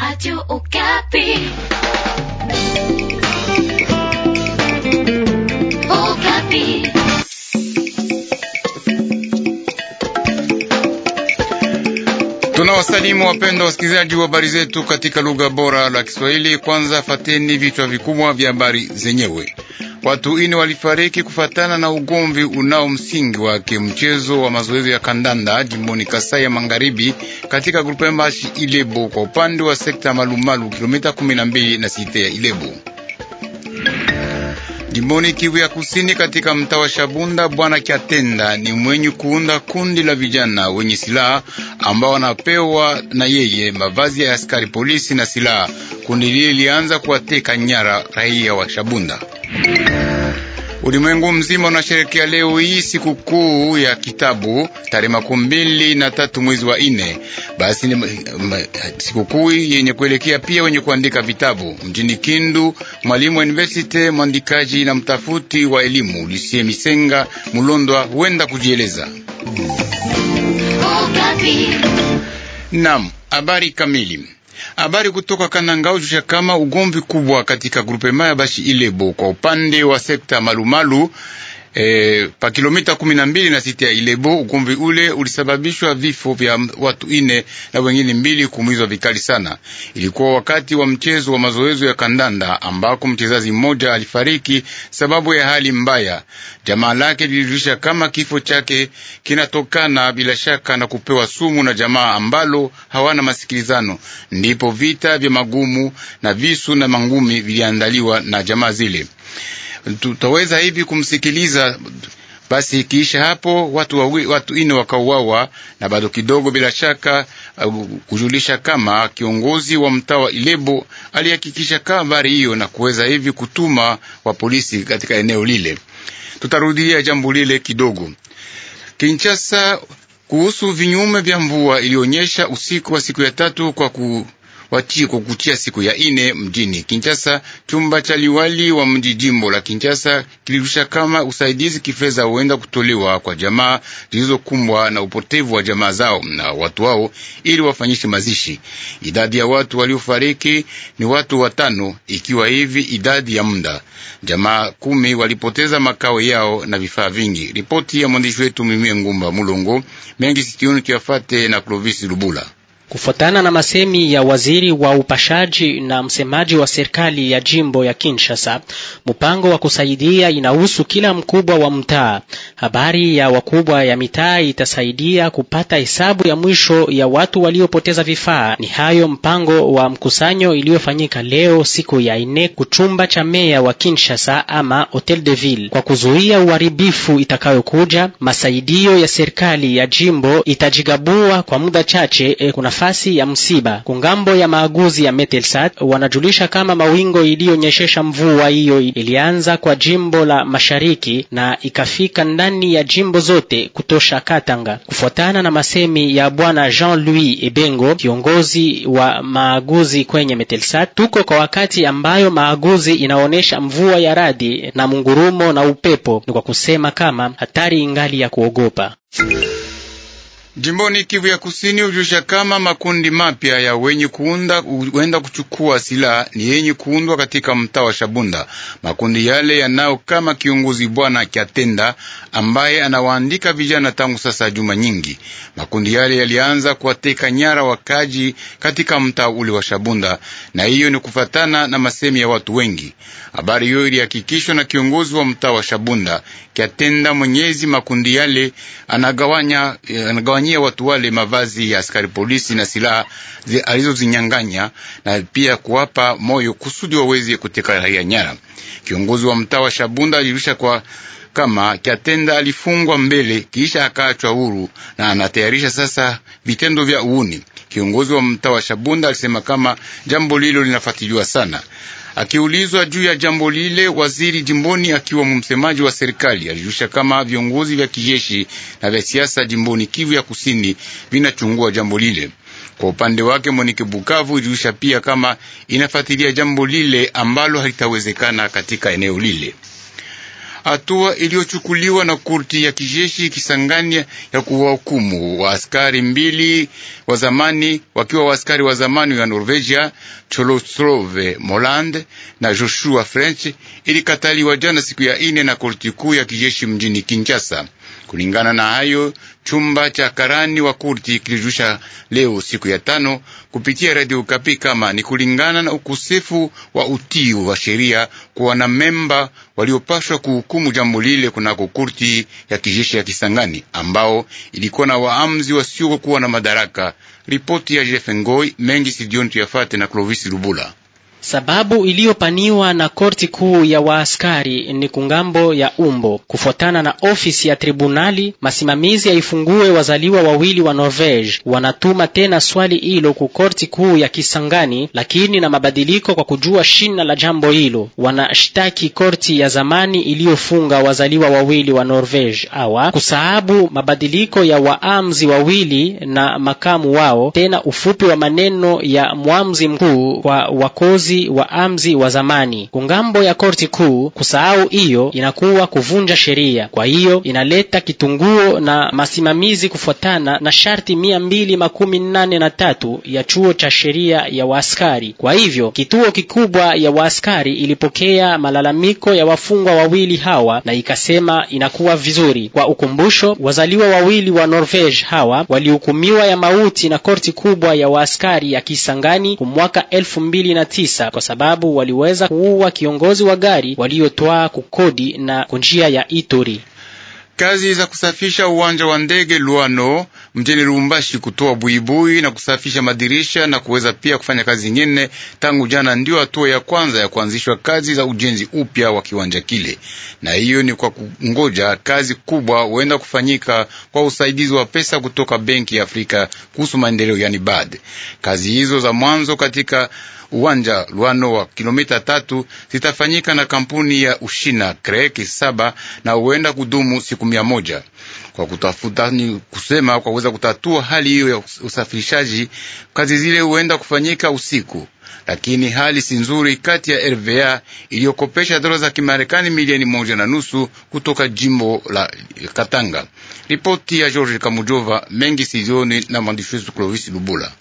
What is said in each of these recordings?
Radio Okapi. Okapi. Tunawasalimu wapendwa wasikilizaji wa habari zetu katika lugha bora la Kiswahili. Kwanza fateni vichwa vikubwa vya habari zenyewe. Watu ine walifariki kufatana na ugomvi unao msingi wake mchezo wa mazoezi ya kandanda jimboni Kasai ya Magharibi, katika grupa mbashi Ilebo kwa upande wa sekta ya Malumalu, kilomita 12 na site ya Ilebo jimboni Kivu ya Kusini, katika mtaa wa Shabunda. Bwana Kyatenda ni mwenye kuunda kundi la vijana wenye silaha ambao wanapewa na yeye mavazi ya askari polisi na silaha kundi lile lilianza kuwateka nyara raia wa Shabunda. Ulimwengu mzima unasherekea leo hii sikukuu ya kitabu tarehe makumi mbili na tatu mwezi wa ine. Basi sikukuu yenye kuelekea pia wenye kuandika vitabu mjini Kindu. Mwalimu wa university, mwandikaji na mtafuti wa elimu lisie Misenga Mulondwa huenda kujieleza. Oh, Naam, habari kamili Habari kutoka Kananga ushusha kama ugomvi kubwa katika grupema ya Bashi Ilebo kwa upande wa sekta Malumalu E, pa kilomita kumi na mbili na sita ya Ilebo ugomvi ule ulisababishwa vifo vya watu ine na wengine mbili kuumizwa vikali sana. Ilikuwa wakati wa mchezo wa mazoezo ya kandanda ambako mchezaji mmoja alifariki sababu ya hali mbaya. Jamaa lake lilijulisha kama kifo chake kinatokana bila shaka na kupewa sumu na jamaa ambalo hawana masikilizano. Ndipo vita vya magumu na visu na mangumi viliandaliwa na jamaa zile tutaweza hivi kumsikiliza. Basi kiisha hapo watu wawi, watu ine wakauawa na bado kidogo, bila shaka kujulisha kama kiongozi wa mtaa wa Ilebo alihakikisha habari hiyo na kuweza hivi kutuma wa polisi katika eneo lile. Tutarudia jambo lile kidogo. Kinshasa kuhusu vinyume vya mvua iliyonyesha usiku wa siku ya tatu kwa ku watie kukuchia siku ya ine mjini Kinshasa. Chumba cha liwali wa mji jimbo la Kinshasa kilirusha kama usaidizi kifedha huenda kutolewa kwa jamaa zilizokumbwa na upotevu wa jamaa zao na watu wao ili wafanyishe mazishi. Idadi ya watu waliofariki ni watu watano, ikiwa hivi idadi ya muda. Jamaa kumi walipoteza makao yao na vifaa vingi. Ripoti ya mwandishi wetu Mimie Ngumba Mulongo mengi sitioni tuyafate na Clovis Lubula. Kufuatana na masemi ya waziri wa upashaji na msemaji wa serikali ya jimbo ya Kinshasa, mpango wa kusaidia inahusu kila mkubwa wa mtaa. Habari ya wakubwa ya mitaa itasaidia kupata hesabu ya mwisho ya watu waliopoteza vifaa. Ni hayo mpango wa mkusanyo iliyofanyika leo siku ya ine kuchumba cha meya wa Kinshasa ama Hotel de Ville kwa kuzuia uharibifu itakayokuja. Masaidio ya serikali ya jimbo itajigabua kwa muda chache e, kuna nafasi ya msiba kungambo ya maaguzi ya Metelsat wanajulisha kama mawingo iliyonyeshesha mvua hiyo ilianza kwa jimbo la mashariki na ikafika ndani ya jimbo zote kutosha Katanga, kufuatana na masemi ya bwana Jean-Louis Ebengo, kiongozi wa maaguzi kwenye Metelsat. Tuko kwa wakati ambayo maaguzi inaonyesha mvua ya radi na mungurumo na upepo, ni kwa kusema kama hatari ingali ya kuogopa. Jimboni Kivu ya Kusini hujusha kama makundi mapya ya wenye kuunda huenda kuchukua silaha ni yenye kuundwa katika mtaa wa Shabunda. Makundi yale yanao kama kiongozi Bwana Kyatenda ambaye anawaandika vijana tangu sasa juma nyingi. Makundi yale yalianza kuwateka nyara wakaji katika mtaa ule wa Shabunda, na hiyo ni kufatana na masemi ya watu wengi. Habari hiyo ilihakikishwa na kiongozi wa mtaa wa Shabunda Kyatenda mwenyezi makundi yale anagawanya, eh, anagawanya kufanyia watu wale mavazi ya askari polisi na silaha alizozinyang'anya na pia kuwapa moyo kusudi waweze kuteka raia nyara. Kiongozi wa mtaa wa Shabunda alirusha kwa kama Kyatenda alifungwa mbele kisha akaachwa huru na anatayarisha sasa vitendo vya uuni. Kiongozi wa mtaa wa Shabunda alisema kama jambo lilo linafuatiliwa sana. Akiulizwa juu ya jambo lile, waziri jimboni akiwa msemaji wa serikali alijulisha kama viongozi vya kijeshi na vya siasa jimboni Kivu ya Kusini vinachungua jambo lile. Kwa upande wake Monike Bukavu ilijulisha pia kama inafuatilia jambo lile ambalo halitawezekana katika eneo lile hatua iliyochukuliwa na kurti ya kijeshi Kisangani ya kuwahukumu wa askari mbili wa zamani wakiwa waaskari wa zamani wa Norvegia Choloslove Moland na Joshua French ilikataliwa jana siku ya ine na korti kuu ya kijeshi mjini Kinshasa. Kulingana na hayo, chumba cha karani wa kurti kilijusha leo siku ya tano kupitia Radio ukapi kama ni kulingana na ukosefu wa utii wa sheria kwa wanamemba waliopashwa kuhukumu jambo lile kunako kurti ya kijeshi ya Kisangani ambao ilikuwa na waamuzi wasiokuwa na madaraka. Ripoti ya Jeff Ngoi mengi sidioni tuyafate na Clovis rubula Sababu iliyopaniwa na korti kuu ya waaskari ni kungambo ya umbo. Kufuatana na ofisi ya tribunali, masimamizi yaifungue, wazaliwa wawili wa Norvege wanatuma tena swali hilo ku korti kuu ya Kisangani, lakini na mabadiliko kwa kujua shina la jambo hilo. Wanashtaki korti ya zamani iliyofunga wazaliwa wawili wa Norvege awa kusahabu mabadiliko ya waamzi wawili na makamu wao, tena ufupi wa maneno ya mwamzi mkuu kwa wakozi uamuzi wa amzi wa zamani kungambo ya korti kuu. Kusahau hiyo inakuwa kuvunja sheria, kwa hiyo inaleta kitunguo na masimamizi kufuatana na sharti mia mbili makumi nane na tatu ya chuo cha sheria ya waaskari. Kwa hivyo kituo kikubwa ya waaskari ilipokea malalamiko ya wafungwa wawili hawa na ikasema inakuwa vizuri. Kwa ukumbusho, wazaliwa wawili wa Norvege hawa walihukumiwa ya mauti na korti kubwa ya waaskari ya Kisangani kumwaka elfu mbili na tisa kabisa, kwa sababu waliweza kuua kiongozi wa gari waliotwaa kukodi na kunjia ya Ituri kazi za kusafisha uwanja wa ndege Luano mjini Lubumbashi, kutoa buibui na kusafisha madirisha na kuweza pia kufanya kazi nyingine tangu jana, ndio hatua ya kwanza ya kuanzishwa kazi za ujenzi upya wa kiwanja kile, na hiyo ni kwa kungoja kazi kubwa huenda kufanyika kwa usaidizi wa pesa kutoka Benki ya Afrika kuhusu maendeleo, yani BAD. Kazi hizo za mwanzo katika uwanja Luano wa kilomita tatu zitafanyika na kampuni ya Ushina Kreki saba na huenda kudumu siku mia moja kwa kutafuta ni kusema kwa kuweza kutatua hali hiyo ya usafirishaji. Kazi zile huenda kufanyika usiku, lakini hali si nzuri kati ya RVA iliyokopesha dola za Kimarekani milioni moja na nusu kutoka jimbo la Katanga. Ripoti ya George Kamujova mengi sizioni na mwandishi wetu Clovis Lubula.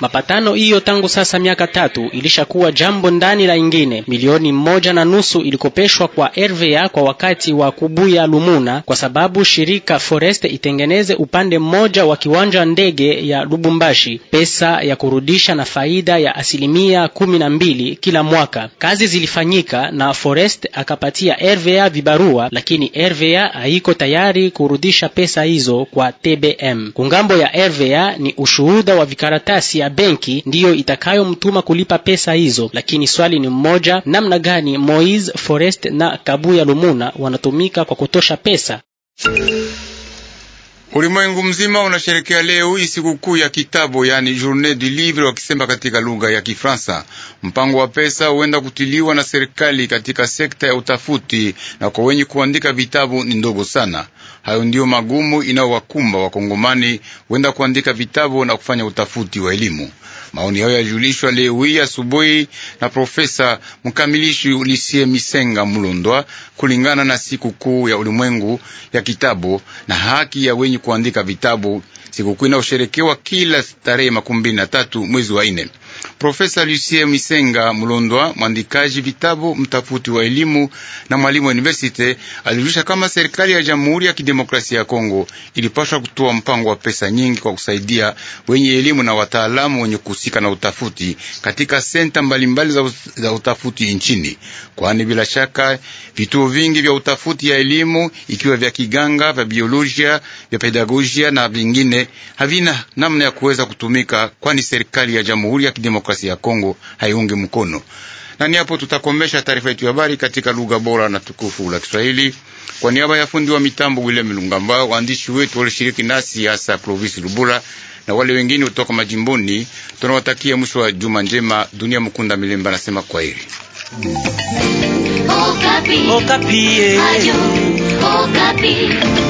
Mapatano hiyo tangu sasa miaka tatu ilishakuwa jambo ndani la ingine. Milioni moja na nusu ilikopeshwa kwa RVA kwa wakati wa Kubuya Lumuna, kwa sababu shirika Forest itengeneze upande mmoja wa kiwanja ndege ya Lubumbashi, pesa ya kurudisha na faida ya asilimia kumi na mbili kila mwaka. Kazi zilifanyika na Forest akapatia RVA vibarua, lakini RVA haiko tayari kurudisha pesa hizo kwa TBM. Kungambo ya RVA ni ushuhuda wa vikaratasi ya benki ndiyo itakayomtuma kulipa pesa hizo, lakini swali ni mmoja, namna gani Moise Forest na Kabuya Lumuna wanatumika kwa kutosha pesa? Ulimwengu mzima unasherekea leo hii sikukuu ya kitabu, yani journée du livre, wakisema katika lugha ya Kifaransa. Mpango wa pesa huenda kutiliwa na serikali katika sekta ya utafuti, na kwa wenye kuandika vitabu ni ndogo sana. Hayo ndiyo magumu inayowakumba wakongomani wenda kuandika vitabu na kufanya utafuti wa elimu. Maoni hayo yajulishwa leo hii asubuhi na profesa mkamilishi Lisie Misenga Mulondwa kulingana na siku kuu ya ulimwengu ya kitabu na haki ya wenye kuandika vitabu, sikukuu inayosherekewa kila tarehe makumi mbili na tatu mwezi wa nne. Profesa Lucien Misenga Mulondwa, mwandikaji vitabu, mtafuti wa elimu na mwalimu wa university, alirusha kama serikali ya Jamhuri ya Kidemokrasia ya Kongo ilipaswa kutoa mpango wa pesa nyingi kwa kusaidia wenye elimu na wataalamu wenye kuhusika na utafuti katika senta mbalimbali za, za utafuti nchini, kwani bila shaka vituo vingi vya utafuti ya elimu ikiwa vya kiganga, vya biolojia, vya pedagogia na vingine havina namna ya kuweza kutumika, kwani serikali ya Jamhuri ya Kidemokrasia Kidemokrasia ya Kongo haiungi mkono. Na ni hapo tutakomesha taarifa yetu ya habari katika lugha bora na tukufu la Kiswahili. Kwa niaba ya fundi wa mitambo William Lungamba, waandishi wetu walishiriki nasi hasa Clovis Lubula na wale wengine kutoka majimboni, tunawatakia mwisho wa juma njema. Dunia Mkunda Milemba anasema kwaheri. Okapi. Okapi. Eh.